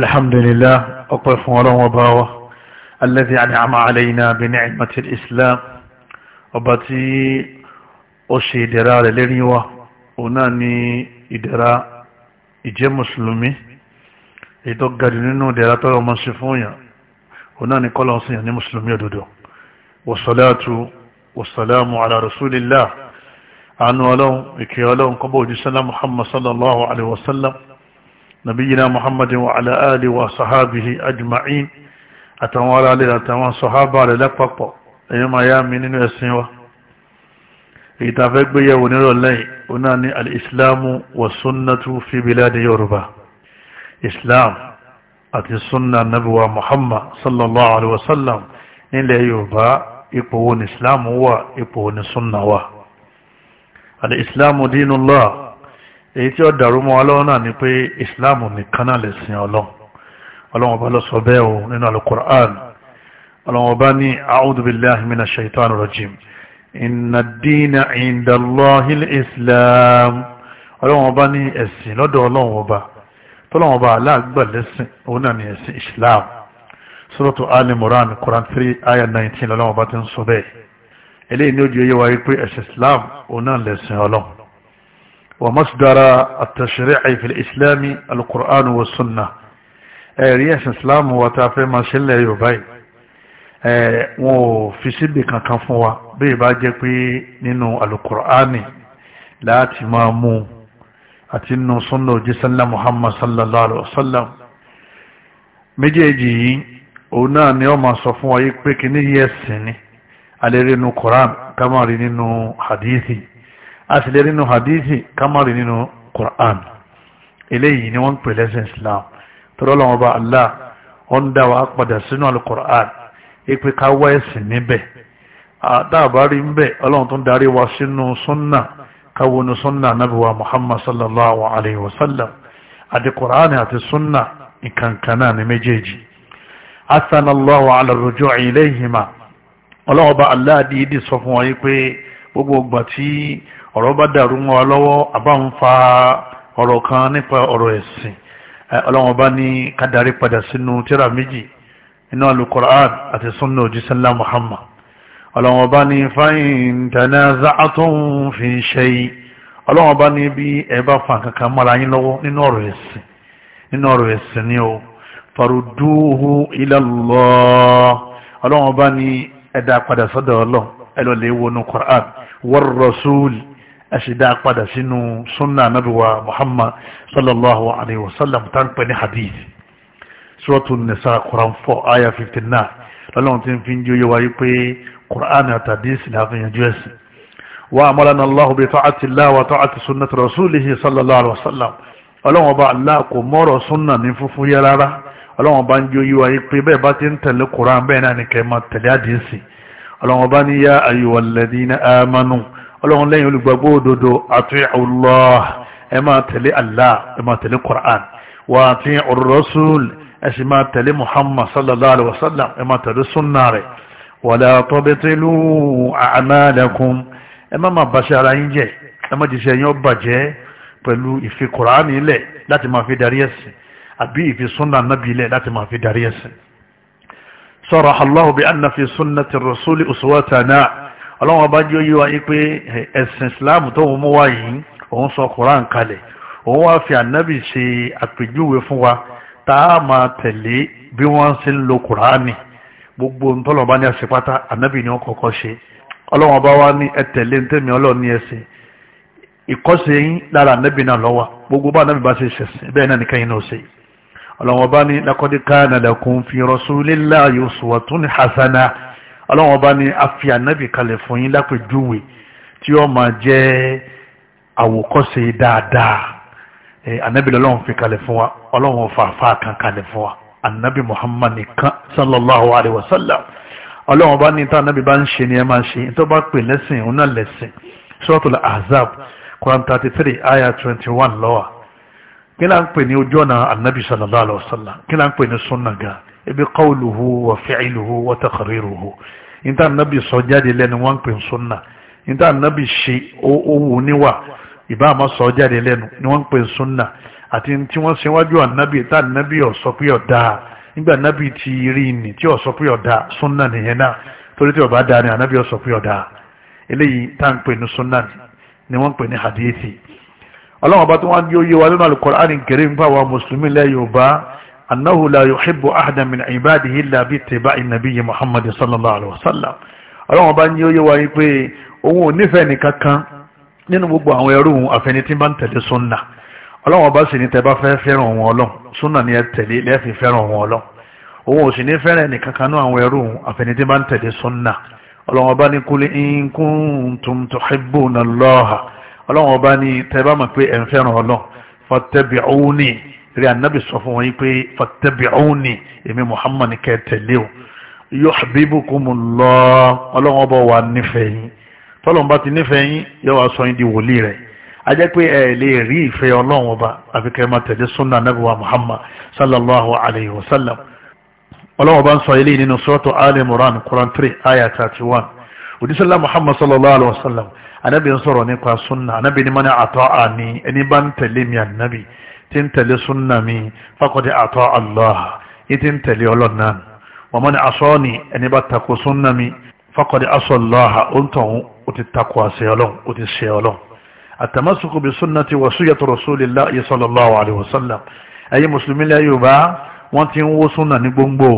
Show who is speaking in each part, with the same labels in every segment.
Speaker 1: alhamdulillah ọpẹ́ fún ọlọ́wọ́ bá wá alladhi an'ama alayna bi ni'mati al-islam ọba tí ó ṣe ìdẹ̀ra rẹ̀ lérí wa òun náà ni ìdẹ̀ra ìjẹ́ mùsùlùmí èyí tó gajù nínú ìdẹ̀ra tọ́rọ ọmọ sí fún yàn òun náà ni kọ́lọ̀ sí yàn ní mùsùlùmí òdodo wassalatu wassalamu ala rasulillah àánú ọlọ́run ìkẹ́ ọlọ́run kọ́bọ̀ òjísọ́lá muhammad sallallahu alaihi wasallam نبينا محمد وعلى آله وصحابه أجمعين àtàwọn ará lè àtàwọn sọ̀hábà rẹ̀ lẹ́pọ̀pọ̀ èyí ma yá mi nínú ẹ̀sìn wa èyí tàà fẹ́ gbéyẹ̀wò nírọ̀lẹ́yìn ó náà ní alìsìláàmù wà súnnàtú fi biladi yorùbá islam àti súnnà nabuwa muhammad sallallahu alaihi wasallam nílẹ̀ yorùbá ipò wo ni islam wà ipò wo ni súnnà wà alìsìláàmù dínúlọ́à èyí tí ó dàrú mọ́ ọlọ́run náà ni pé ìsìláàmù nìkan náà lè sin ọlọ́run ọlọ́run ọba ló sọ bẹ́ẹ̀ o nínú alukur'an ọlọ́run ọba ní a'udhu billahi minash shaitanir rajim inna dina inda Allahil islam ọlọ́run ọba ní ẹ̀sìn lọ́dọ̀ ọlọ́run ọba tọ́lọ́run ọba aláàgbà lẹ́sìn 3 aya 19 ọlọ́run ọba ti ń sọ bẹ́ẹ̀ eléyìí ní ojú ẹyẹ wáyé ومصدر التشريع في الإسلام القرآن والسنة رئيس الإسلام وتعفي ما سلة يباي wọ́n fi síbi kankan fún wa bí ìbá jẹ́ pé nínú alukur'ani láti máa mú àti nínú sunna òjísánlá muhammad sallallahu alaihi wasallam méjèèjì yìí òun náà ni ọ máa sọ fún wa yí pé kí ní yẹ́sìn ni alẹ́rẹ́ nínú koran kamari nínú hadithi a sì lè rí nínú hadithi kamari nínú Qur'an eléyìí ni wọ́n ń pè lẹ́sìn Islam tọ́lọ́ lọ́wọ́ bá Allah ó ń dá wa padà sínú al-Qur'an ipe ká wá ẹ̀sìn níbẹ̀ àtàbárí ń bẹ̀ ọlọ́run tó ń darí wa sínú sunna káwọnù sunna Ànábì wa Muhammad sallallahu alayhi wa sallam àti Qur'an àti sunna ìkànkànnà ní méjèèjì asanallahu ala rujuu ilayhima ọlọ́wọ́ bá Allah dìídì sọ fún wa yí pé gbogbo ọgbà tí ọ̀rọ̀ bá dàrú mọ́ wa lọ́wọ́ fa ọ̀rọ̀ kan nípa ọ̀rọ̀ ẹ̀sìn ọlọ́wọ́n bá ní kádàrí padà sínú tíra méjì inú alukur'an àti sunna òjísánlá muhammad ọlọ́wọ́n bá ní fáyín tẹ̀lé za'atún fi ṣe yìí ọlọ́wọ́n bá ní bí ẹ bá fa kankan yín lọ́wọ́ nínú ọ̀rọ̀ ẹ̀sìn ni ó ọlọ́wọ́n bá ní ẹ̀dá padà ẹlọ lè wọnú Qur'an war rasul ẹ̀ṣìdá padà sínú sunna nabiwa Muhammad sallallahu alaihi wasallam tá ń pè ní hadith suratun nisa Qur'an 4 aya 59 lọ́lọ́run ti ń fi ń jó yẹ wáyé pé Qur'an àti hadith ní àfihànjú ẹ̀sìn wa amarana Allahu bi ta'ati Allah wa ta'ati sunnati rasulihi sallallahu alaihi wasallam ọlọ́run ọba Allah kò mọ́rọ̀ sunna ní fúnfún yẹ rárá ọlọ́run ọba ń jó yẹ wáyé pé bẹ́ẹ̀ bá ti ń tẹ̀lé Qur'an bẹ́ẹ̀ náà ni kẹ́ máa tẹ̀lé hadith ọlọ́run ọba ní yá ayyuhalladhina amanu ọlọ́run lẹ́yìn olùgbàgbọ́ òdodo ati'u Allah ẹ máa tẹ̀lé Allah ẹ máa tẹ̀lé Qur'an wa ati'u rasul ẹ sì máa tẹ̀lé Muhammad sallallahu alaihi wasallam ẹ máa tẹ̀lé sunna rẹ̀ wala tubtilu a'malakum ẹ má máa bàṣẹ ara yín jẹ́ ẹ má jẹ́ṣẹ́ yín ó bàjẹ́ pẹ̀lú ìfi Qur'an ilẹ̀ sọ̀rọ̀ aláhùn bí anna fi súnà ti rọ̀súlì òṣùwọ́tàná ọlọ́wọ́n bá jẹ́ yíwa yí pé ẹ̀sìn islam tó mú wá yìí òun sọ koran kalẹ̀ òun wá fi ànábì ṣe àpèjúwe fún wa tá a máa tẹ̀lé bí wọ́n ṣe ń lo korani gbogbo ntọ́lọ́ba ní àṣepátá ànábì ni wọ́n kọ́kọ́ ṣe ọlọ́wọ́n bá wá ní ẹ tẹ̀lé ntẹ́mi ọlọ́ọ̀ni ẹ̀sìn ìkọ́sẹ̀ yín lára ànábì náà lọ́wọ́ gbogbo bá ànábì bá ṣe ṣẹ̀sìn bẹ́ẹ̀ náà nìkan yín náà ṣe yìí ọlọ́wọ́n bá ní laqad kana lakum fi rasulillahi uswatun hasana ọlọ́wọ́n bá ní afi ànábì kalẹ̀ fún yín lápèjúwe tí ó máa jẹ́ àwòkọ́ṣe dáadáa ànábì lọ́wọ́n fi kalẹ̀ fún wa ọlọ́wọ́n fàáfà kan kalẹ̀ fún wa ànábì muhammad nìkan sallallahu alayhi wa sallam ọlọ́wọ́n bá ní tá ànábì bá ń ṣe ni ẹ máa ṣe tó bá pè lẹ́sìn òun náà lẹ́sìn suratul ahzab quran thirty three ayah twenty one lọ́wọ́ kí la ń pè ní ojú ọ̀nà anabi sallallahu alayhi wa sallam kí la ń pè ní sunna ga ebi qawluhu wa fi'luhu wa taqriruhu níta anabi sọ jáde lẹ́nu wọ́n ń pè ní sunna níta anabi ṣe owó níwà ìbá àmọ́ sọ jáde lẹ́nu ni wọ́n ń pè ní sunna àti tí wọ́n ṣe wájú anabi tá anabi ó sọ pé ó dáa nígbà anabi ti rí ni tí ó sọ pé ó dáa sunna nìyẹn náà torí tí ó bá dáa ni anabi ó sọ pé ó dáa eléyìí tá à ń pè sunna ni wọ́n ń pè hadithi ọlọ́wọ́n bá tí wọ́n yóò yé wa nínú alukur'an karim fáwọn mùsùlùmí lẹ́ yorùbá annahu la yuhibbu ahadan min ibadihi illa bi tiba'i nabiyyi muhammad sallallahu alaihi wasallam ọlọ́wọ́n bá yóò yé wa yí pé òun ò nífẹ̀ẹ́ nìkankan nínú gbogbo àwọn ẹrú òun àfẹnití bá ń tẹ̀lé sunna ọlọ́wọ́n bá sì ní tẹ́ fẹ́ fẹ́ràn òun ọlọ́run sunna ni ẹ tẹ̀lé lẹ́ẹ̀fì fẹ́ràn òun ọlọ́run òun ò sì ní fẹ́ràn nìkankan nínú àwọn ẹrú òun àfẹnití bá ń tẹ̀lé sunna ọlọ́wọ́n bá ní kul in kuntum tuhibbuna allaha ọlọ́run ọba ní tẹ́bá mọ̀ pé ẹ̀ ń fẹ́ràn ọlọ́ fattabi'uni rí anábì sọ fún wọn yìí pé fattabi'uni èmi Muhammad kẹ́ tẹ̀lé o yuhbibkumullah ọlọ́run ọba wà nífẹ̀ẹ́ yín tọ́lọ́run bá ti nífẹ̀ẹ́ yín yóò wá sọ yín di wòlíì rẹ̀ a jẹ́ pé ẹ lè rí ìfẹ́ ọlọ́run ọba àfi máa tẹ̀lé sunna anábì wa Muhammad sallallahu alayhi wa sallam ọlọ́run ọba ń sọ eléyìí nínú suratu Ali Imran Quran three òdísọ́lá muhammad sallallahu alaihi wasallam anábì ń sọ̀rọ̀ nípa sunna anábì ní mọ́ni àtọ́ àní ẹni bá ń tẹ̀lé mi ànábì tí ń tẹ̀lé sunna mi faqad àtọ́ allah yìí tí ń tẹ̀lé ọlọ́nà wa man asani ẹni bá takò sunna mi faqad asa allah ó ń tọ̀hún ó ti takò àṣẹ ọlọ́n ó ti ṣe ọlọ́n àtàmásùkù bí sunnati wa sunnati rasulillah sallallahu alaihi wasallam ẹ̀yin mùsùlùmí lẹ́yìn yorùbá wọ́n ti ń sunna ní gbòǹgbò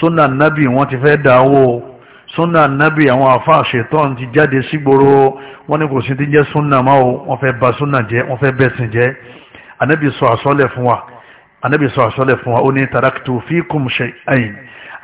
Speaker 1: sunna nábì wọ́n ti fẹ́ dáwó sunna nabi àwọn afa ṣetán ti jáde sígboro wọ́n ní kò sí ti jẹ́ sunna máa wọ́n fẹ́ ba sunna jẹ́ wọ́n fẹ́ bẹ̀sìn jẹ́ anabi sọ àsọ́lẹ̀ fún wa ó ní taraktu fikum shay'ain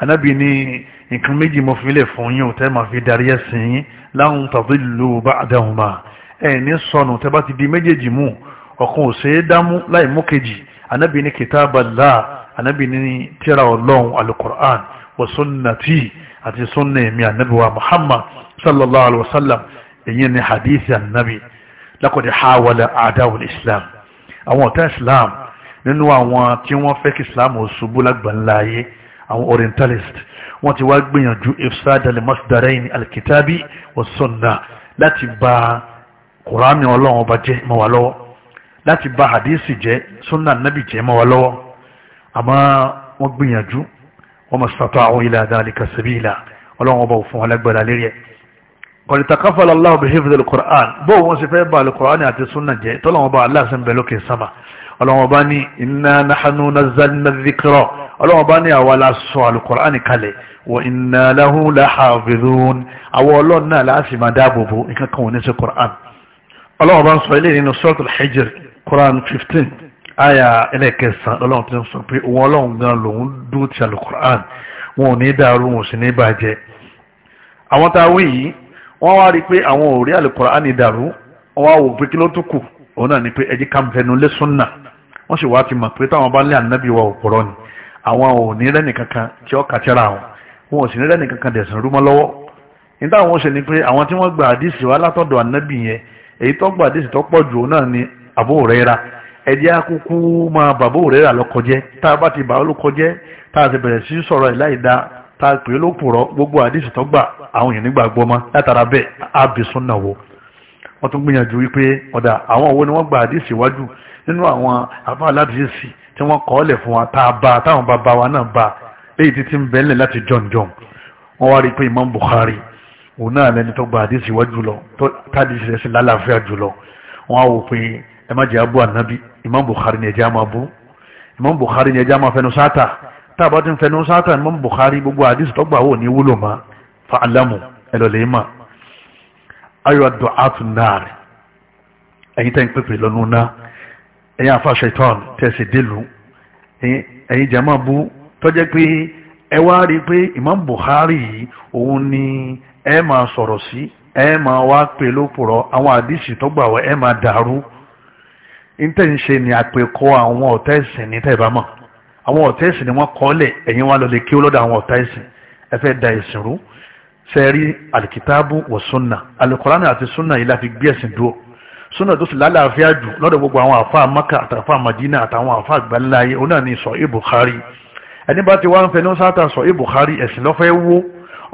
Speaker 1: anabi ní nǹkan méjì mo fi fún yín tẹ́ máa fi darí ẹ̀sìn yín lan tadillu ba'dahuma ẹ̀ ní sọnù tẹ́ bá ti di méjèèjì mú ọ̀kan ò ṣeé dámú láì mú kejì anabi ní kitaballah anabi ní tírà ọlọ́run alukur'an wa sunnati àti sunna èmi ànábì wa muhammad sallallahu alaihi wa sallam èyí ni hadith ànábì lákòdì hawala adáwò islam àwọn ọ̀tá islam nínú àwọn tí wọ́n fẹ́ kí islam ò ṣubú lágbàláyé àwọn orientalist wọ́n ti wá gbìyànjú ifsadal masdarain alkitabi wa sunna láti ba kùránì ọlọ́run ọba jẹ́ mọ́ wa lọ́wọ́ láti ba hadith jẹ́ sunna nabi jẹ́ mọ́ wa lọ́wọ́ àmọ́ wọ́n gbìyànjú wọ́n mọ̀ sọ́tọ̀ àwọn ilẹ̀ àdáàlìkà sàbílà ọlọ́run ọba òfin alágbára lérí ẹ̀ kọ̀lì takafàlà aláwọ̀ bí hifdil qur'an bó wọ́n sì fẹ́ bá alukur'an àti sunna jẹ́ tọ́lọ́run ọba aláàsán bẹ̀ lókè sama ọlọ́run ọba ní inna nahanu nazzalna dhikra ọlọ́run ọba ní àwa la sọ alukur'an kalẹ̀ wa inna lahu lahafidhun àwọn ọlọ́run náà láàsì máa dáàbò bo nǹkan kan wọ́n ní sí qur'an ọlọ́run ọba ń sọ ilé nínú suratul hijr qur'an 15 Aya ẹlẹ́kẹsàn lọ́lọ́run ti ń sọ pé òun ọlọ́run gan lòun dúró ti alukur'an wọn ò ní dàrú wọn ò sì ní bàjẹ́ àwọn tá a wí yìí wọ́n wá rí i pé àwọn ò rí alukur'an dàrú wọ́n wá wò pé kí ló tún kù òun náà ni pé ẹjí ká lé súnà wọ́n sì wá ti mọ̀ pé táwọn bá lé ànábì wa òpùrọ̀ ni àwọn ò ní rẹ́nì kankan tí ó kàtíra àwọn wọn ò sì ní rẹ́nì kankan dẹ̀sán rúmọ́ lọ́wọ́ ní táwọn ó ṣe ni pé ni Abu Huraira ẹ̀jẹ̀ akúkú máa bàbá Hùrẹ́rà lọ́kọjẹ́ tá a bá ti bàá lọ́kọjẹ́ tá a ti bẹ̀rẹ̀ sí sọ̀rọ̀ ìláìda tá a pè é lópùrọ̀ gbogbo àdìsí tó gbà àwọn èèyàn nígbà gbọ́ mọ́ látara bẹ́ẹ̀ ábìsùn náà wò wọ́n tún gbìyànjú wípé ọ̀dà àwọn òwe ni wọ́n gba àdìsí wájú nínú àwọn àbá aládìsí tí wọ́n kọ́ lẹ̀ fún wa tá a bá táwọn bàbá wa náà bá èyí ti ti ń bẹ́ẹ̀lẹ̀ láti jọ̀njọ̀n wọ́n wá rí pé Imam Bukhari òun náà lẹni tó gba àdìsí wájú lọ tó tádìsí rẹ̀ sí lálàáfíà jùlọ wọ́n á wò pé ẹ má jẹ́ abú ànábì imam bukhari ni ẹjẹ́ àmà bú imam bukhari ni ẹjẹ́ àmà fẹnu sáátà tá a bá ti ń fẹnu sáátà imam bukhari gbogbo àdìsí tọ́gbà wò ní wúlò má fa alamu ẹlọ́lẹ̀ ma ayọ̀ àdùn àtún náà rẹ̀ ẹ̀yin tẹ́ ń pèpè lọ́nu náà ẹ̀yin afa ṣetán tẹ̀sí délùú ẹ̀yin jẹ́ àmà bú tọ́jẹ́ pé ẹ wá rí i pé imam bukhari yìí òun ni ẹ máa sọ̀rọ̀ sí ẹ máa wá pè lópùrọ̀ àwọn àdìsí tọ́gbà wọ ẹ máa dàrú ntẹ̀ ń ṣe ni àpèkọ àwọn ọ̀tá ẹ̀sìn ní tẹ̀bá àwọn ọ̀tá ẹ̀sìn ni wọ́n kọ́lẹ̀ ẹ̀yin wá lọ lè kí ọlọ́dọ̀ àwọn ọ̀tá ẹ̀sìn ẹ fẹ́ da ẹ̀sìn rú sẹ́ẹ̀rí alikitaabu wọ sunna alukorani àti sunna yìí la fi gbé ẹ̀sìn dúró sunna tó sì lálàáfíà jù lọ́dọ̀ gbogbo àwọn àfa maka àtàfà madina àtàwọn àfa àgbáńláyé òun náà ni sọ ibukhari ẹni bá ti wá ń fẹ́ ní sáta sọ ibukhari ẹ̀sìn lọ́fẹ́ wó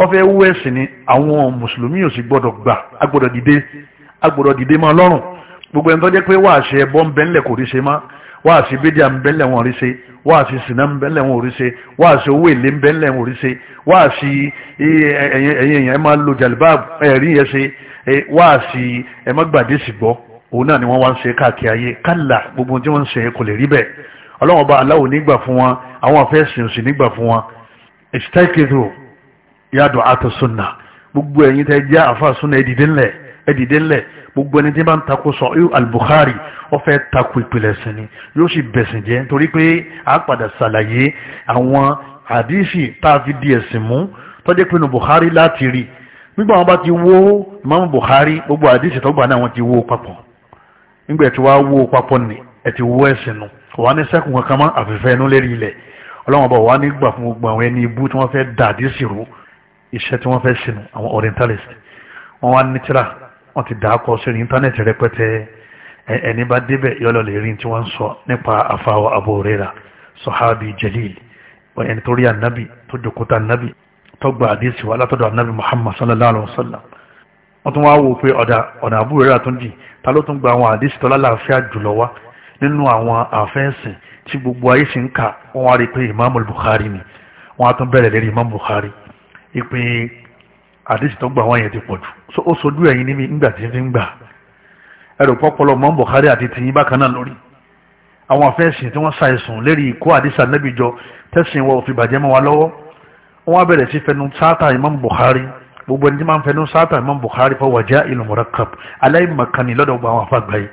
Speaker 1: ọfẹ́ wó ẹ̀sìn ni àwọn mùsùlùmí ò sì gbọ́dọ̀ gbà agbọ́dọ̀ dìde agbọ́dọ̀ dìde máa lọ́rùn gbogbo ẹni tó jẹ́ pé wáàsí ẹbọ ń bẹ́ńlẹ̀ kò rí ṣe má wáàsí bídíà ń bẹ́ńlẹ̀ wọn rí ṣe wáàsí sinà ń bẹ́ńlẹ̀ wọn rí ṣe wáàsí owó èlé ń bẹ́ńlẹ̀ wọn rí ṣe wáàsí ẹ̀yin èèyàn ẹ máa lo jàlibáàbù ẹ̀rí yẹn ṣe wáàsí ẹ má gbàdé sì gbọ́ òun náà ni wọ́n wá ń ṣe káàkiri ayé kálà gbogbo tí wọ́n ń ṣe kò lè rí bẹ́ẹ̀ ọlọ́wọ́n bá aláwo nígbà fún wọn àwọn afẹ́sìn òsì nígbà fún wọn ìsítẹ́kìtò yàdùn àtọ̀sùnà gbogbo ẹ̀yin tẹ́ jẹ́ àfa súnà ẹ̀dìdínlẹ̀ ẹ̀dìdẹ́ ńlẹ̀ gbogbo ẹni tí bá ń takò sọ yóò al-Bukhari ó fẹ́ takò ìpìlẹ̀ ẹ̀sìn ni yóò sì bẹ̀sìn jẹ́ torí pé a padà ṣàlàyé àwọn àdísì tá a fi di mú tọ́jú pinnu Bukhari láti rí nígbà wọn bá ti wó Imam Bukhari gbogbo àdísì tọ́gbà náà wọ́n ti wó papọ̀ nígbà tí wàá wó papọ̀ ni ẹ̀ ti wó ẹ̀sìn nu wàá ní sẹ́kùn kankan mọ́ àfẹ́fẹ́ inú lérí ilẹ̀ ọlọ́wọ́n bá wàá nígbà fún gbogbo àwọn orientalist wọ́n wá ní wọ́n ti dàákọ́ sórí íńtánẹ́ẹ̀tì rẹpẹtẹ ẹni bá débẹ̀ yọ́lọ̀ lè rí tí wọ́n ń sọ nípa àfàwọ̀ Abu Huraira sọ̀hábì jalil ẹni tó rí ànábì tó jòkóta ànábì tó gba àdéhìsì wà látọ̀dọ̀ ànábì Muhammad sallallahu alayhi wa sallam wọ́n tún wá wò pé ọ̀dà ọ̀nà Abu Huraira tó ń jì ta ló tún gba àwọn àdéhìsì tó lálàáfíà jùlọ wá nínú àwọn àfẹ́sìn àdéṣì tó gbà wọ́n yẹn ti pọ̀ jù ó sojú ẹ̀yìn níbi ńgbà tí fi ń gbà ẹ̀rọ pọ́pọ́lọ́ mọ́ Bukhari àti tìyín bákan náà lórí àwọn afẹ́sìn tí wọ́n ṣàìsùn lérí ikú àdéṣà nẹ́bìjọ tẹ̀sìn wọ òfin bàjẹ́ mọ́ wa lọ́wọ́ wọ́n wá bẹ̀rẹ̀ sí fẹnu sáátà Imam Bukhari gbogbo ẹni tí máa fẹnu sáátà Imam Bukhari fọwọ́ jẹ́ ìlú mọ̀rẹ́kàp aláìmọ̀kànnì lọ́dọ̀ gbà wọn àfàgbà yìí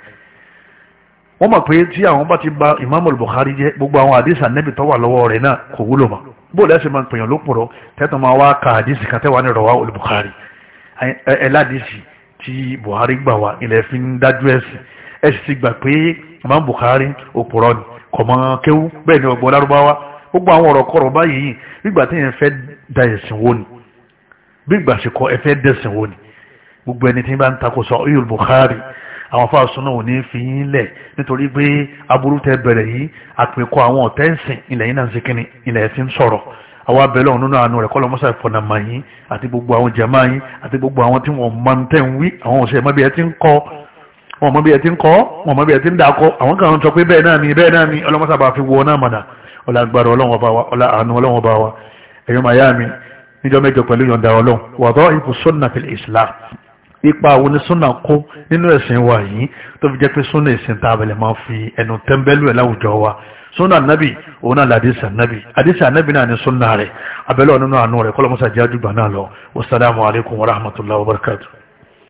Speaker 1: wọ́n mọ̀ pé tí àwọn bá ti ba Imamul Bukhari jẹ́ gbogbo àwọn àdìsí ànẹ́bì tó wà lọ́wọ́ rẹ̀ náà kò wúlò mọ́ bó lẹ́sìn máa ń pèyàn ló pọ̀rọ̀ tẹ́tàn máa wá ka àdìsí kan tẹ́wàá ní rọ̀wá olùbùkárì ẹ̀ládìsí tí Buhari gbà wá ilẹ̀ fi ń dájú ẹ̀sìn ẹ̀sìn ti gbà pé Imam Bukhari òpùrọ̀ ni kọ̀mọ́ kéwú bẹ́ẹ̀ ni ọgbọ́n lárúbáwá gbogbo àwọn ọ̀rọ̀ kọ̀rọ̀ báyìí àwọn afáàsùn náà ò ní fi yín lẹ̀ nítorí pé aburú tẹ bẹ̀rẹ̀ yìí àpèkọ àwọn ọ̀tẹ́ǹsìn ilẹ̀ yìí náà ń sikini ilẹ̀ ẹ̀sìn sọ̀rọ̀ àwọn abẹ́lẹ̀ ọ̀hún nínú àánú rẹ̀ kọ́lọ́ mọ́sá ìfọ̀nàmà yín àti gbogbo àwọn jàmáà yín àti gbogbo àwọn tí wọ́n máa ń tẹ̀ ń wí àwọn òṣèré mọ́bí ẹ ti ń kọ́ wọn mọ́bí ẹ ti ń kọ́ wọn mọ́bí ẹ ti ń dàkọ́ àwọn kan sọ pé bẹ́ẹ̀ náà ni bẹ́ẹ̀ náà ni ọlọ́mọ́sá bá fi wọ náà mọ̀nà ọlá agbára ọlọ́run ọba wa ọlá àánú ọlọ́run ọba wa ẹ̀yọ́ màyá mi níjọ́ mẹ́jọ pẹ̀lú yọ̀ǹda ọlọ́run wàdọ́ ibùsọ́nà fil islam ipa àwọn onísúnà kó nínú ẹ̀sìn wa yìí tó fi jẹ́ pé súnà ìsìn tá a bẹ̀lẹ̀ máa fi ẹnu tẹ́ńbẹ́lú ẹ̀ láwùjọ wa súnà nábì òun náà làdísà nábì àdísà nábì náà ní súnà rẹ̀ abẹ́lẹ́ ọ̀nínú àánú rẹ̀ kọ́lọ́mọ́sà jẹ́ àdúgbà náà lọ wasalaamu wa rahmatulah wa barakatuh.